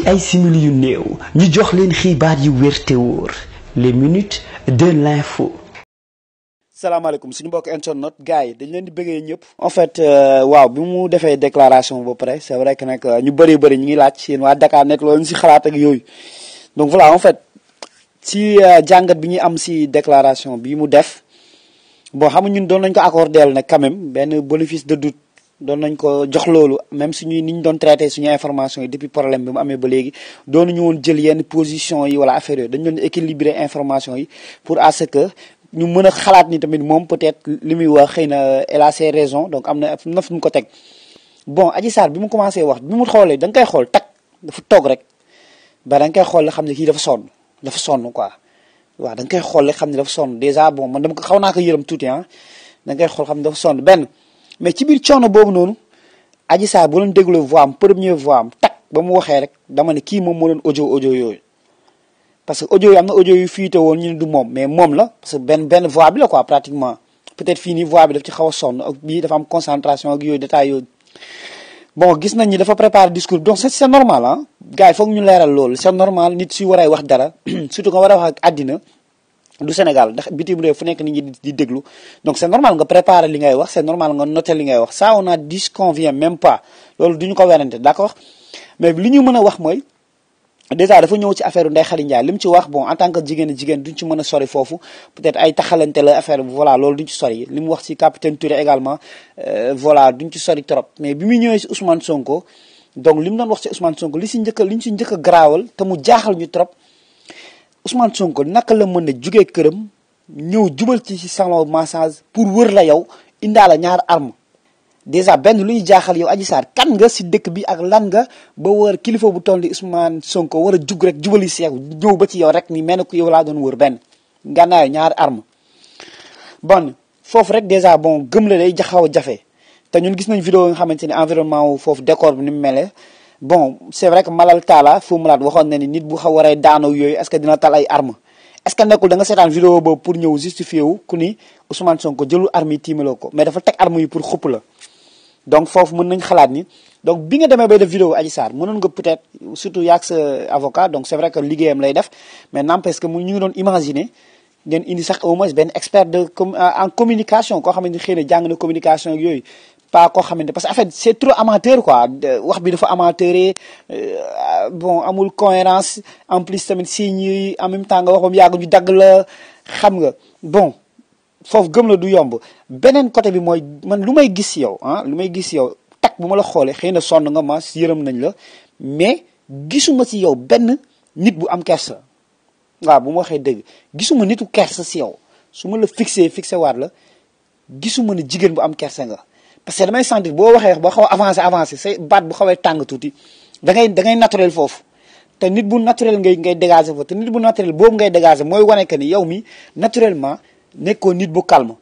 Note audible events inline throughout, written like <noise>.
ci ay simili yu néew ñu jox leen xibaar yu wér te wóor les minutes de l'info. salaamaaleykum suñu mbokk internet gars yi dañ leen di bëggee ñëpp. en fait euh, waaw bi mu defee déclaration ba pare c'est vrai que nag ñu bëri bari ñu ngi laaj seen waa Dakar nekk loolu si xalaat ak yooyu donc voilà en fait si euh, jàngat bi ñuy am si déclaration bi mu def bon xam ñun doon nañ ko accordé nag quand benn bénéfice de doute. doon nañ ko jox loolu même suñuy ni ñu doon traité suñu information yi depuis problème bi mu amee ba léegi doonuñu woon jël yenn position yi wala affaire yooyu dañ doon équilibrer information yi pour à ce que ñu mën a xalaat ni tamit moom peut-être li muy wax xëy na elle a ses raisons donc am na na fu mu ko teg bon Adji Sarr bi mu commencé wax bi mu xoolee da koy xool takk dafa toog rek ba da nga koy xool xam ne kii dafa sonn dafa sonn quoi waaw da nga koy xool rek xam ne dafa sonn déjà bon man dama ko xaw naa ko yërëm tuuti ah da xool xam ne dafa sonn benn mais ci biir coono boobu noonu Adji Sarr bu doon déglu voix am première voix am tak ba mu waxee rek dama ne kii moom moo doon ojo ojo yooyu parce que audio yi am na audio yu fiite woon ñu ne du moom mais moom la parce que benn benn voix bi la quoi pratiquement peut-être fii nii voix bi daf ci xaw a sonn ak bii dafa am concentration ak yooyu détail yooyu bon gis nañ ni dafa préparer discours donc c'est normal ah gars yi foog ñu leeral loolu c'est normal nit suy war ay wax dara <clears throat> surtout a àddina du Sénégal ndax bitim réew fu nekk nit ñi di déglu donc c'est normal nga préparer li ngay wax c'est normal nga noter li ngay wax ça on a disconvient même pas loolu duñu ko werante d'accord mais li ñu mën a wax mooy déjà dafa ñëw ci affaire Ndeye Khady Ndiaye li mu wax bon en tant a sori foofu peut-être également euh, voilà duñ ci sori trop mais bi muy ñëwee ci Ousmane Sonko donc li mu doon wax ci Ousmane Sonko li ci njëkk a li ñu ci njëkk a garaawal te mu jaaxal ñu trop Ousmane Sonko naka la mën a jugee këram ñëw jubal ci salon massage pour wër la yow indaala ñaar arm déjà benn lu ñu jaaxal yow Adji Sarr kan nga si dëkk bi ak lan nga ba wër kilifa bu toll ni Ousmane Sonko war a jug rek jubali seeku ñëw ba ci yow rek ni mel ne ku yow laa doon wër benn ngànnaay ñaar arme bon foofu rek déjà bon gëm la day jaxaw jafe te ñun gis nañ vidéo nga xamante ni environnement foofu décor bi ni mu melee bon c' est vrai que Malal Talla Fou Malade waxoon na ni nit bu xaw waree daanoo yooyu est ce que dina tal ay arme est ce que nekkul da seetaan vidéo boobu pour ñëw justifié ku ni Ousmane Sonko jëlul arme yi tiimaloo ko mais dafa teg arme yi pour xupp la donc foofu mën nañ xalaat ni donc bi nga demee bay def vidéo Adji Sarr mënoon nga peut être surtout yaag sa avocat donc c' est vrai que liggéeyam lay def mais n' empêche que mu ñu ngi doon imaginer ngeen indi sax au moins benn expert de yooyu pas koo xamante parce que en fait c'est trop amateur quoi wax bi dafa amateuré euh, bon amul cohérence en plus tamit si yi en même temps nga wax ba mu yàgg ñu dagg la xam nga bon foofu gëm la du yomb beneen côté bi mooy man lu may gis yow ah lu may gis yow tak bu ma la xoolee xëy na sonn nga ma yërëm nañ la mais gisuma si yow benn nit bu am kersa waaw bu ma waxee dëgg gisuma nitu kersa si yow su ma la fixé fixé waat la gisu gisuma ne jigéen bu am kersa nga parce que damay sentir boo waxee ba xaw a avancé avancé say baat bu xawee tàng tuuti da ngay da ngay naturel foofu te nit bu naturel ngay ngay dégager foofu te nit bu naturel boobu ngay dégager mooy wane que ni yow mi naturellement nekkoo nit bu calme.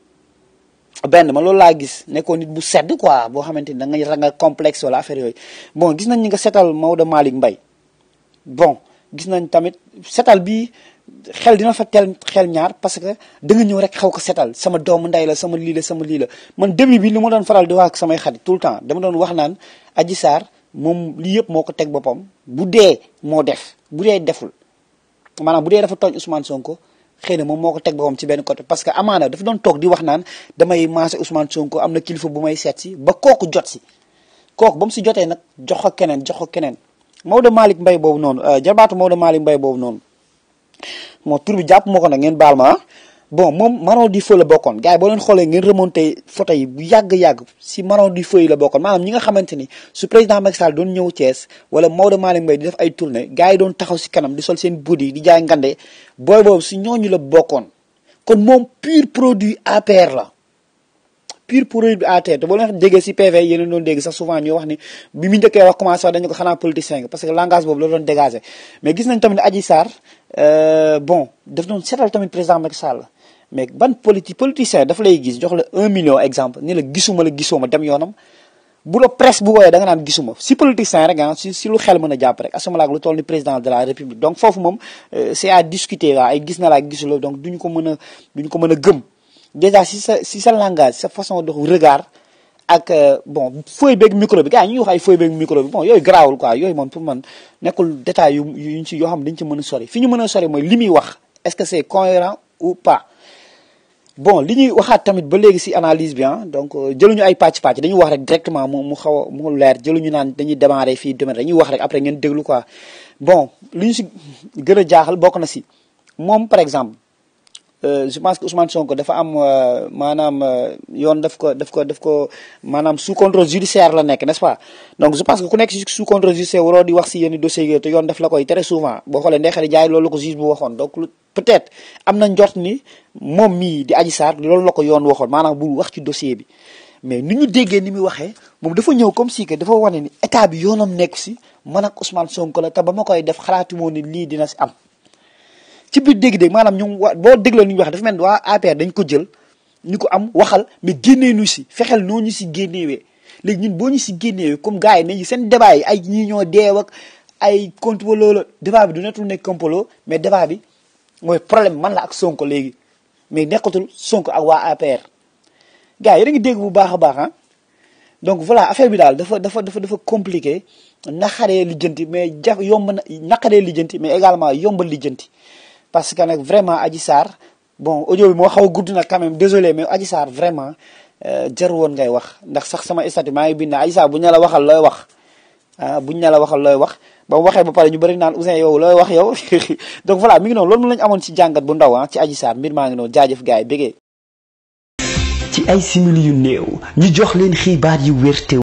benn ma loolu laa gis nekkoo nit bu sedd quoi boo xamante ni da nga nga complexe wala affaire yooyu bon gis nañ ñi nga setal Maodo Malick mbay bon gis nañ tamit setal bi xel dina fa teel xel ñaar parce que da nga ñëw rek xaw ko setal sama doomu ndey la sama lii la sama lii la man début bi li ma doon faral di wax ak samay xarit tout le temps dama doon wax moom lii yëpp moo ko teg boppam bu dee moo def bu dee deful maanaam bu dee dafa tooñ Ousmane Sonko xëy na moom moo ko teg ci benn côté parce que amaana dafa doon toog di wax naan damay maase Ousmane Sonko am na kilifa bu may seet si ba kooku jot si kooku ba mu si jotee nag jox ko keneen jox keneen keneen Maodo Malick mbay boobu noonu euh, jarbaatu Maodo Malick mbay boobu noonu moom tur bi jàpp moo ko na ngeen baal ma bon moom Marron di Feu la bokkoon gars boo leen xoolee ngeen remonté photo yi bu yàgg-yàgg si Marron du Feu yi la bokkoon maanaam ñi nga xamante ni su président Macky Sall doon ñëw Thiès wala Maodo Malick Mbaye di def ay tournée gars yi doon taxaw si kanam di sol seen buddi di jaay ngande booy boobu si ñooñu la bokkoon kon moom pur produit APR la pure pour à tête boo leen déggee si PV yéen a doon dégg sax souvent ñu wax ni bi mu njëkkee wax commencé la doon dégager euh, million exemple ni la gisuma la gisoo ma dem yoonam bu la presse bu wooyee da nga naan gisuma si politicien rek ah, si lu xel mën a jàpp rek asama laag lu toll ni président de la république donc foofu moom euh, c'est à discuter waa ay gis na laa gisuloo donc duñu ko mën a ko mën a gëm déjà si sa si sa langage sa façon de regard ak euh, bon fooy beeg micro bi gars yi ñuy wax ay fooy beeg micro bi bon yooyu garaawul quoi yooyu moom pour man nekkul détail yu yuñ yoo xam dañ ci mën a sori fi ñu mën a sori mooy li muy wax est-ce que c'est cohérent ou pas bon li ñuy waxaat tamit ba léegi si analyse bi ah donc euh, jëluñu ay pàcc pàcc dañuy wax rek directement mu mu xaw a mu leer jëluñu naan dañuy démarrer fii domaine dañuy wax rek après ngeen déglu quoi bon li ñu si gën a jaaxal bokk na si moom par exemple Euh, je pense que Ousmane Sonko dafa am euh, maanaam euh, yoon def ko def ko def ko maanaam sous contrôle judiciaire la nekk n'est-ce pas donc que ku nekk si sous contrôle wax si yenn dossiers te yoon def la koy très souvent boo xoolee ndeexari jaay loolu ko juge bu waxoon donc peut-être am na njort ni moom mii di aji Sarr loolu la ko yoon waxoon maanaam bu wax ci dossier bi mais ni ñu déggee ni muy waxee moom dafa ñëw comme si que dafa wane ni état bi yoonam nekk si man ak Ousmane Sonko la te ba ma koy def xalaatu moo ni lii dina si am ci biir dégg-dégg maanaam ñoom wa boo dégloo ni ñu wax dafa mel ni waa APR dañ ko jël ñu ko am waxal mais génnee ñu si fexeel noo ñu si génnewee léegi ñun boo ñu si génnewee comme gars yi nañu seen débat ay ñii ñoo deew ak ay complot la débat bi du nekkul nekk complot mais débat bi mooy problème man la ak Sonko léegi mais nekkatul Sonko ak waa APR. gars yi da ngi bu baax a baax ah donc voilà affaire bi daal dafa dafa dafa dafa compliqué naxaree lijjanti mais ja yomb na naqaree lijjanti mais également yombal lijjanti. parce que nag vraiment aji saar bon audio bi moo xaw a gudd nag quand même désolé mais Adji Sarr vraiment euh, jar woon ngay wax ndax sax sama statut maa ngi bind Adji Sarr bu ne la waxal looy wax ah buñ ne la waxal looy wax ba waxee ba pare ñu bari naan Ouzin yow looy wax yow <laughs> donc voilà mi ngi noonu loolu mu lañu amoon ci jàngat bu ndaw ah ci Adji Sarr mbir maa ngi noonu jaajëf gars yi bégee ci ay simili yu néew ñu jox leen xibaar yu wérte